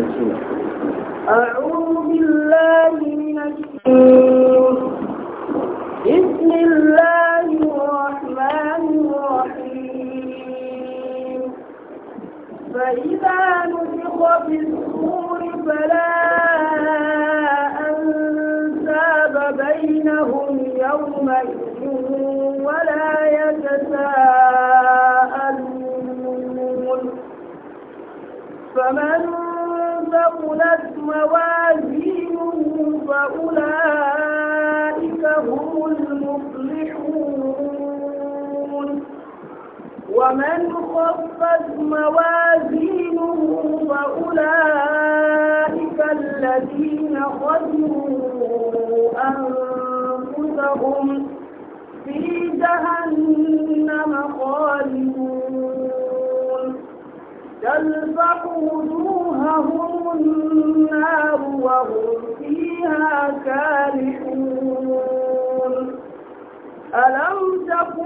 da suna. A'udu فأولئك هم المفلحون ومن خفت موازينه فأولئك الذين خسروا أنفسهم في جهنم خالدون تلفح وجوههم النار وهم فيها كالحون ألم تكن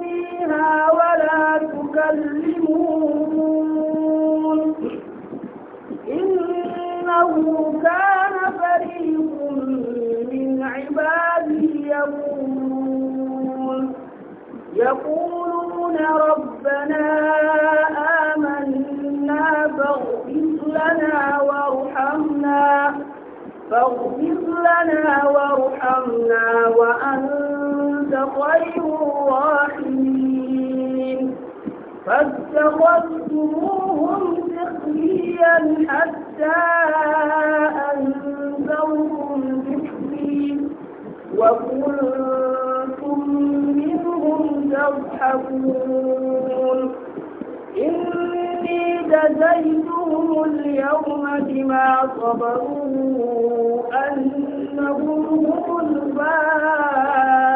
فيها ولا تكلمون إنه كان فريق من عبادي يقول غير راحمين فاتخذتموهم سخريا حتى أنذرهم ذكري وكنتم منهم تضحكون إني جزيتهم اليوم بما صبروا أنهم هم الفائزون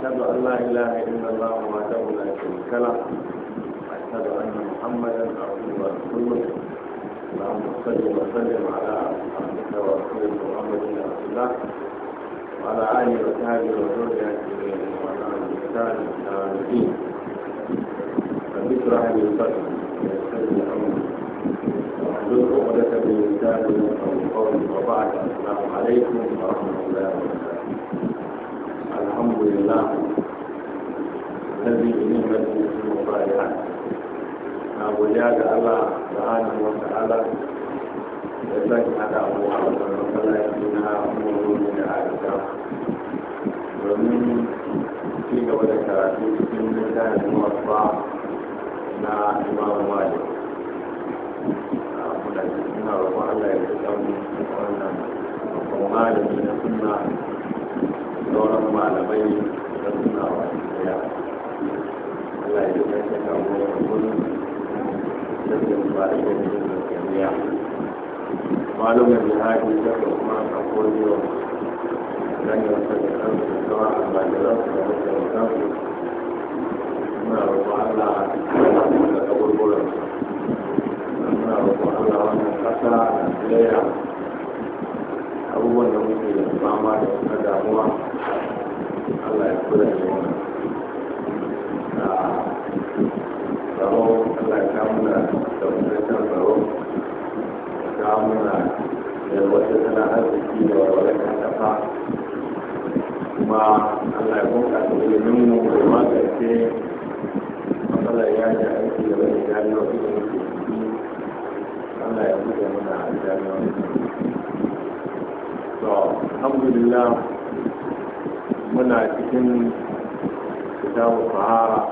أشهد أن لا إله إلا الله وحده لا شريك له وأشهد أن محمدا عبده ورسوله اللهم صل وسلم على عبدك ورسولك محمد بن عبد الله وعلى آله وصحبه وزوجه أجمعين وعلى الإحسان إلى الدين رب اشرح لي صدري عقدة من أو قولي وبعد السلام عليكم ورحمة الله وبركاته الحمد لله الذي بنعمته مباركا godiya ga Allah da hannun wata ala da zai hada abuwa a wajen matsalaci na umaru da aisha domin ci gaba da karatu cikin littafin wasa na imamu mali muna cikin Allah ya fi ɗan wannan malami na sauran malamai da suna wasu daya Allah ya kai ta kawo da kullum da yin ba da yin da malumin da haji da kuma kakoniyo don yin sa da kansu da kawo a bajiran su da mutane kansu suna roƙo Allah da kaburburan suna roƙo Allah wannan ƙasa da tsaya abubuwan da muke da fama da wata damuwa Allah ya kula da wannan tsaro Allah ya kamu da tsaunatan tsaro ya kamu da yalwata tana arziki da warware kasafa kuma Allah ya kuka da ilimin mu da magance matsalar yaji aiki da wani jami'a da muke Allah ya buɗe mana jami'a to alhamdulillah muna cikin kitabu fahara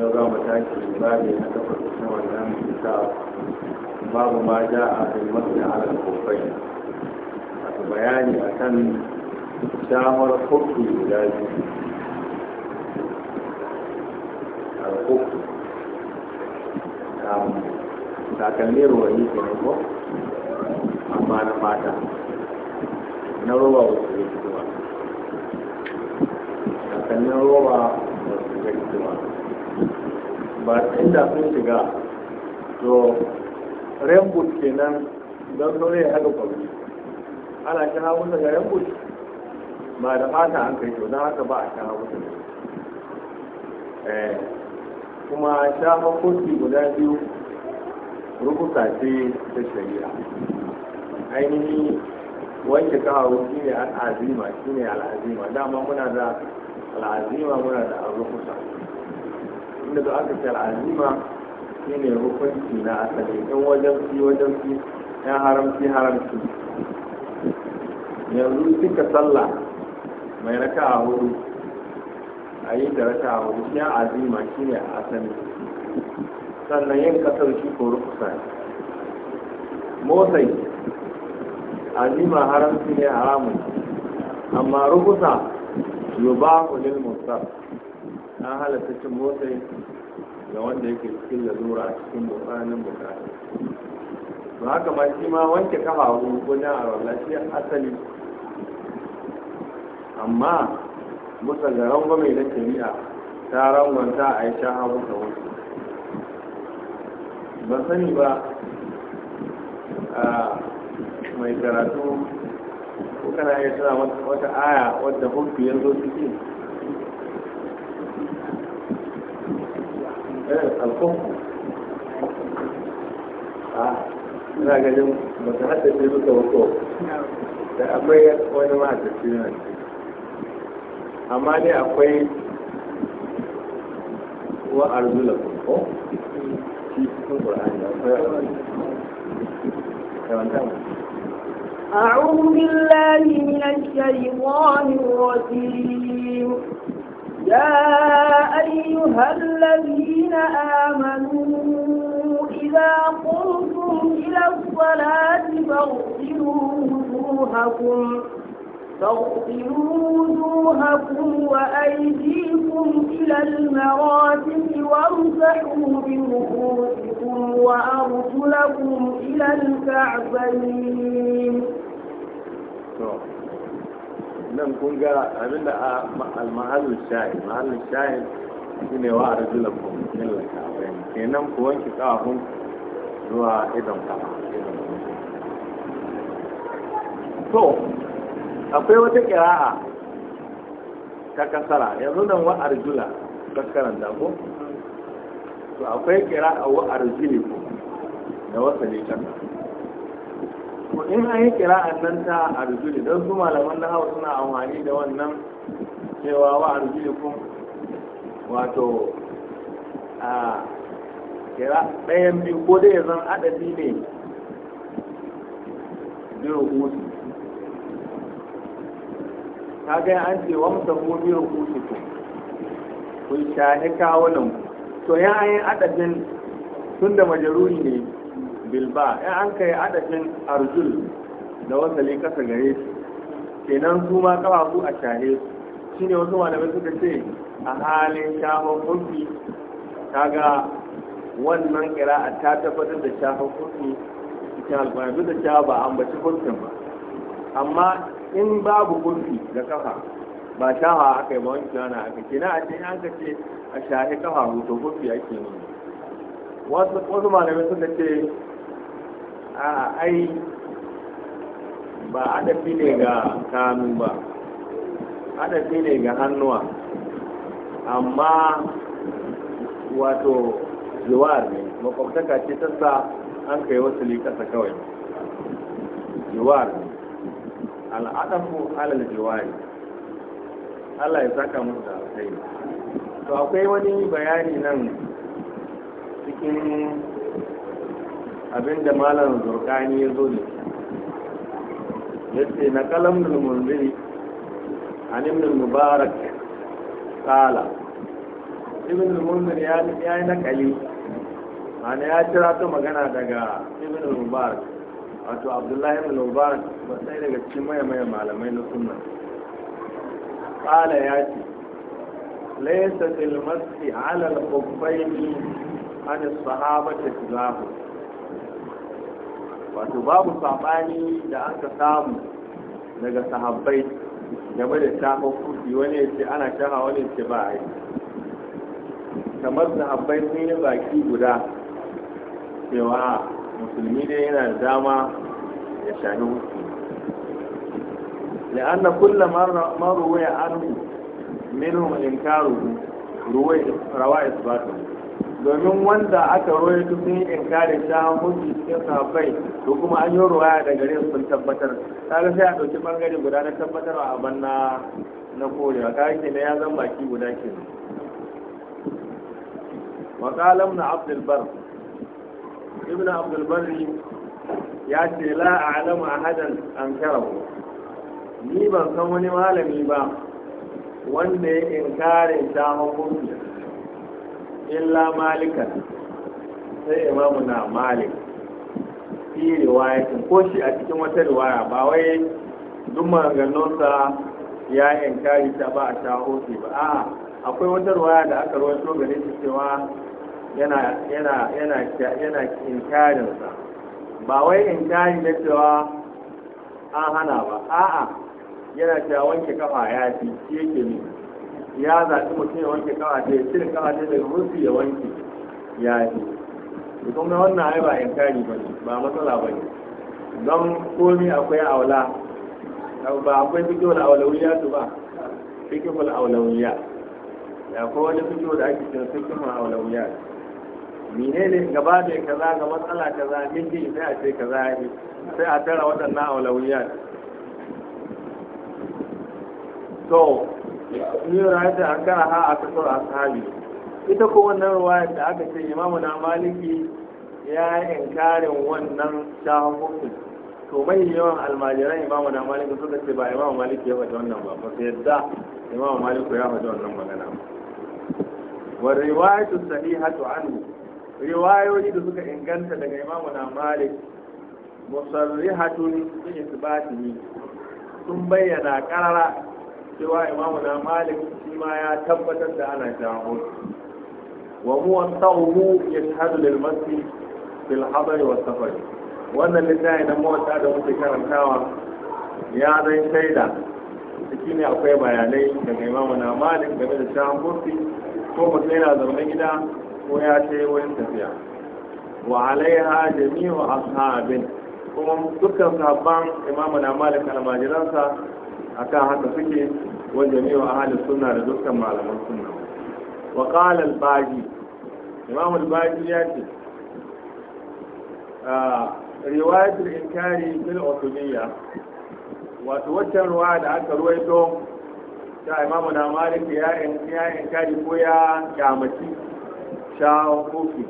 da za mu tashi babi na takwas na wannan kitabu babu ma ja a filmatin alal kofai wato bayani a kan damar kofi guda biyu alkofi takalmi ruwani ke ko amma na fata na ruwa wasu ne fitowa sannan roba da su shiga hidima ba inda sun shiga to rainbow kenan don ya haka kwabi ana shi hagu daga rainbow ba da fata an kai to don haka ba a shi hawan eh, kuma shafa kofi guda biyu rubuta ce ta shari'a ainihi wanke kawo shi ne al'azima shi ne al'azima dama muna da al'azima muna da arrukusa inda za aka ce al'azima shi ne hukunci na asali in wajen fi wajen fi yan haramci haramci yanzu cika sallah mai raka a hudu a yi da raka a hudu shi azima shi ne asali sannan yin kasar shi ko rukusa ne motsai azima haramci ne haramun amma rukusa yubahu lil mustar an halatta cin motsai da wanda yake cikin lalura a cikin bukanin bukata to haka ma shi ma wanke kafa wajen a wallah shi asali amma musa ga mai na kimiyya ta rangwanta a yi shaha ta wasu Ba sani ba mai karatu ko kana iya tura wata aya wadda hukunci ya zo ciki eh, alkunku a ah, ina ganin ba ta haddace duka wato da akwai wani mahaddaci ne amma dai akwai wa arzula ko shi cikin ƙwararri akwai a wani أعوذ بالله من الشيطان الرجيم يا أيها الذين آمنوا إذا قمتم إلى الصلاة فاغسلوا وجوهكم فاغسلوا وجوهكم وأيديكم إلى المرافق وامسحوا برؤوسكم وأرجلكم إلى الكعبين to nan kun ga abin da al-mahallin shahi mahallin shahi ne wa rajulan ku millaka ke nan ku wanke kafafun zuwa idan kama. to akwai wata kira'a ta kasara yanzu nan wa rajula kaskaran dago ko to akwai kira'a wa arjulikum da ne kan to in an yi kira'an nan ta arjuli don su malaman na hau suna amfani da wannan cewa wa arjuli kun wato a kira ɗayan biyu ko dai ya zan adadi ne biyu kusi Ta ga an ce wa musamman biyu kusi ku ku shahi kawunan to ya yi adadin tun da majaruri ne bilba in an kai adadin arjul da wasali kasa gare shi kenan su ma kawaku a shahe shi ne wasu malamai suka ce a halin shahon kurfi ga wannan a ta tabbatar da shahon kurfi cikin alfahari duk da cewa ba ambaci kurfin ba amma in babu kurfi da kafa ba shawa aka yi ba wani na aka na a ce an ce a shahe kafa hoto kurfi ake nuna wasu malamai suka ce a ai ba adafi ne ga kanu ba adafi ne ga hannuwa amma wato jiwar ne makwabtaka ce tassa an kai wasu likasa kawai jiwar ne al'adafu alal jiwari Allah ya saka musu da alkhairi to akwai wani bayani nan cikin abinda malam zurkani ya zo da ce na kalam da munziri a nimin mubarak tsala. ibn munzir ya ya yi nakali ana ya jira ta magana daga ibn mubarak wato abdullahi ibn mubarak ba sai daga cikin maya maya malamai na sunna tsala ya ce laysa fil masjid ala al-khuffayn an as-sahabati tazahur wato babu sabani da an ka samu daga sahabbai game da shafa kufi wani ya ce ana shaha wani ya ce ba a yi kamar sahabbai sun yi baki guda cewa musulmi ne yana da dama ya shafi kufi la'anna kulla maruwa ya anhu minhum inkaruhu ruwa isbatu domin wanda aka roye su sun yi inkari ta mutu cikin sahabbai to kuma an yi ruwaya da gare su sun tabbatar kaga sai a ɗauki ɓangare guda na tabbatar a banna na korewa kaga ke na ya zan baki guda ke wa qalam na abdulbar ibn abdulbar ya ce la a ahadan an karahu ni ban san wani malami ba wanda ya inkari ta hukunci illa malikan sai imamu na malik fi riwaya ko shi a cikin wata riwaya ba wai duk maganganunsa ya inkari ta ba a hoti ba a'a akwai wata riwaya da aka so gare shi cewa yana yana yana yana inkarinsa ba wai inkari da cewa an hana ba a'a yana cewa wanke kafa ya fi shi yake ne ya zaɓi mutum ya wanke kawace ya cire kawace daga murfi ya wanke ya yi da kuma wannan ai ba inkari ba ba matsala ba ne don komi akwai aula ba akwai da aulawiya su ba fikihul aulawiya ya kuma wani fito da ake cin fikihul aulawiya ne gaba da kaza ga matsala kaza miji sai a ce kaza yi sai a tara waɗannan aulawiya to riwaya ta an kara ha a kasar ashabi ita ko wannan riwaya da aka ce imamu na maliki ya inkarin wannan shahukufi to mai yawan almajiran imamu na maliki suka ce ba imamu maliki ya faɗi wannan ba ba su yadda imamu maliki ya faɗi wannan magana wa riwayatu sahihatu anhu riwayoyi da suka inganta daga imamu na malik musarrihatun bi isbatihi sun bayyana karara cewa imamu na malik shi ma ya tabbatar da ana shahu wa huwa sahu yashhadu lil masjid fil hadari wa safari wannan littafi na mota da muke karantawa ya zai shaida ciki ne akwai bayanai daga imamu na malik game da shahun kursi ko sai na zaune gida ko ya ce wani tafiya wa alaiha jami'u ashabin kuma dukkan sahabban imamu na malik almajiransa akan haka suke wa jami'u ahli sunna da dukkan malaman sunna wa qala al-baji imam baji ya ce ah, riwayat al-inkari bil utubiyya wato waccan ruwa da aka ruwaito ta imamu na malik ya inkari ko ya kyamaci shawon kofi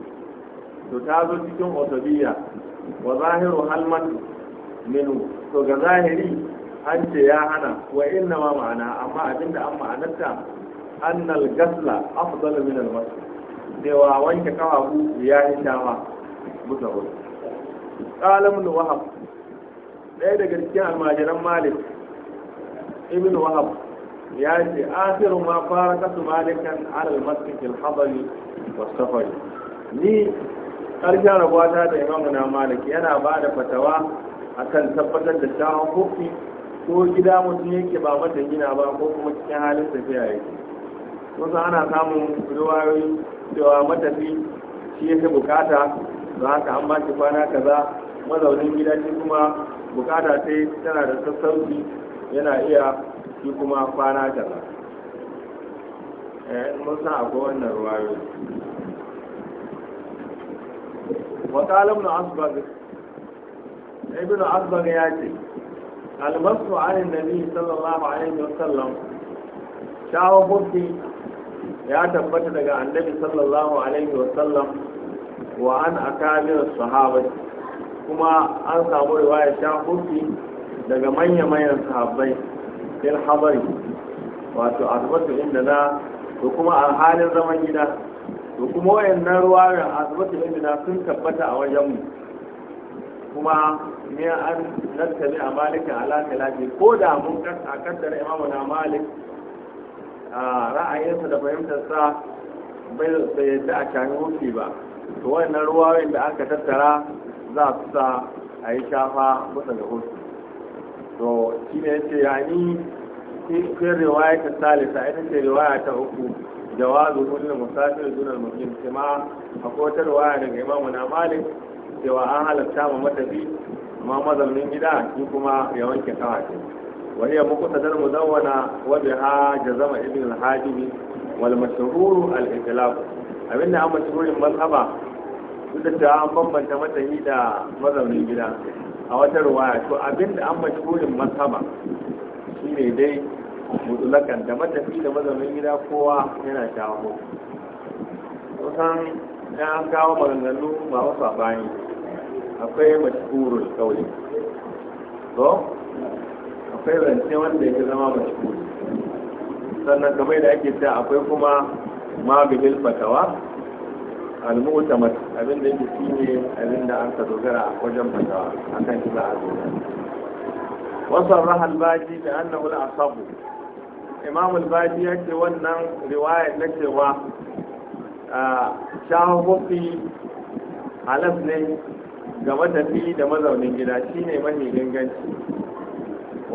to ta zo cikin otobiyya wa minu to ga zahiri an ce ya hana wa inna ma ma'ana amma abinda an ma'anarta annal gasla afdal min al masl cewa wanke kafafu ya yi dama buga wasu qalam nu wahab dai daga cikin almajiran malik ibn wahab ya ce akhiru ma fara kasu malikan al masjid al hadari wa safar ni ƙarshen rabuwa ta da imamu na malik yana ba da fatawa akan tabbatar da shawon kofi ko gida mutum yake ba mata gina ba ko kuma cikin halin tafiya yake wasu ana samun riwayoyi cewa matafi shi yake bukata za haka an ba shi kwana kaza mazaunin gida shi kuma bukata sai tana da sassauci yana iya shi kuma kwana kaza eh, mun san akwai wannan ruwayoyi wa kalam na asbag ibn asbag ya ce albasu anin nabi sallallahu alaihi wasallam ya tabbata daga annabi sallallahu alaihi wasallam wa an akabir sahabai kuma an samu riwaya sha hufi daga manya-manyan sahabbai fil habari wato azbatu inda na da kuma alhalin zaman gida da kuma wayannan ruwayan azbatu inda na sun tabbata a wajenmu kuma ne an nattali a malikin alaƙalafi ko da mun a kaddara imamu na malik ra'ayinsa da fahimtarsa bai da yadda a cani wuce ba to wannan ruwayoyin da aka tattara za su sa a yi shafa kusa da hutu. to shi ne ya ce ya ni riwaya ta salisa ita ce riwaya ta uku jawazu kullum musafir dunar mutum ma akwai kotar riwaya daga imamu na malik cewa an halatta ma matafi amma mazaunin gida shi kuma ya wanke kawace wani ya muku sadar mudawwana wa biha jazama ibn al-hajimi wal mashhur al-ikhtilaf abinda an mashhurin mazhaba duk da cewa an bambanta matafi da mazaunin gida a wata ruwaya to abinda an mashhurin mazhaba shine dai mutulakan da matafi da mazaunin gida kowa yana shawo kusan ya kawo maganganu ba wasu a bayan akwai mashhurul kauli to akwai rance wanda ya zama mashhur sannan kamar da ake cewa akwai kuma magabil fatawa al-mu'tamad abinda yake shine abinda an ka dogara a wajen fatawa akan shi za a dogara wasarraha al-baji bi annahu al-asab imam al-baji yake wannan riwayar na cewa ah, shahufi halas ne ga matafi da mazaunin gida shine mahi ganganci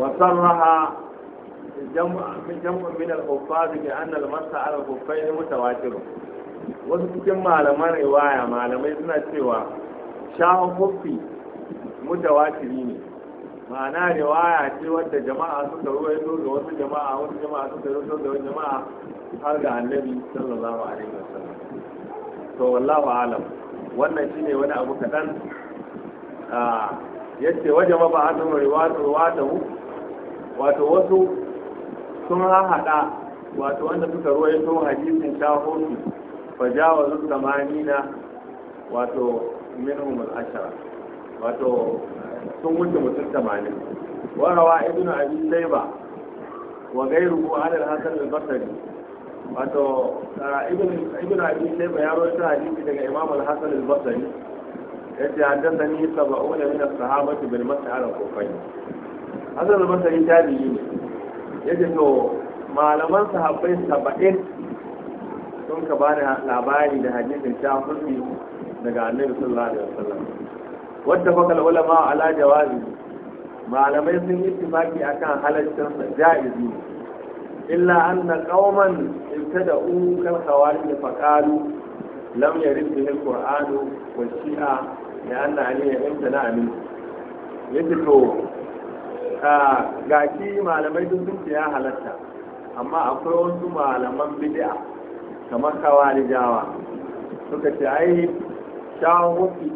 wasan raha jam'un min al-kuffar bi anna al-masa ala kuffaini mutawatir wasu cikin malaman riwaya malamai suna cewa shahun kuffi mutawatiri ne ma'ana riwaya ce wadda jama'a suka yi ga wasu jama'a wasu jama'a suka ruwa ga wasu jama'a har ga annabi sallallahu alaihi wasallam to wallahu alam wannan shine wani abu kaɗan a yace waje ba a zama ruwatahu wato wasu sun haɗa wato wanda suka to hadisin shahosu fajawazu zamanina wato minhum al-ashara wato sun wuce mutum tamanin warawa ibnu abi shayba wa ghayruhu ala al-hasan al-basri wato ibn abi shayba ya rawaita hadisi daga imam al-hasan al-basri yace haddathani sab'un min as-sahabati bil mas'al al-kufayn hasan al-basri tabi'i ne yace to malaman sahabbai 70 sun ka bani labari da hadisin shafi daga annabi sallallahu alaihi wasallam wadda fakal ulama ala jawazi malamai sun yi ittifaki akan halaccin ja'izi illa anna qauman ابتدأوا كالخوارج فقالوا لم يرد به القرآن والشيعة لأن عليه امتنع منه يجدوا gashi malamai duk sun ya halatta amma akwai wasu malaman bid'a kamar kawarijawa suka ce ai shawon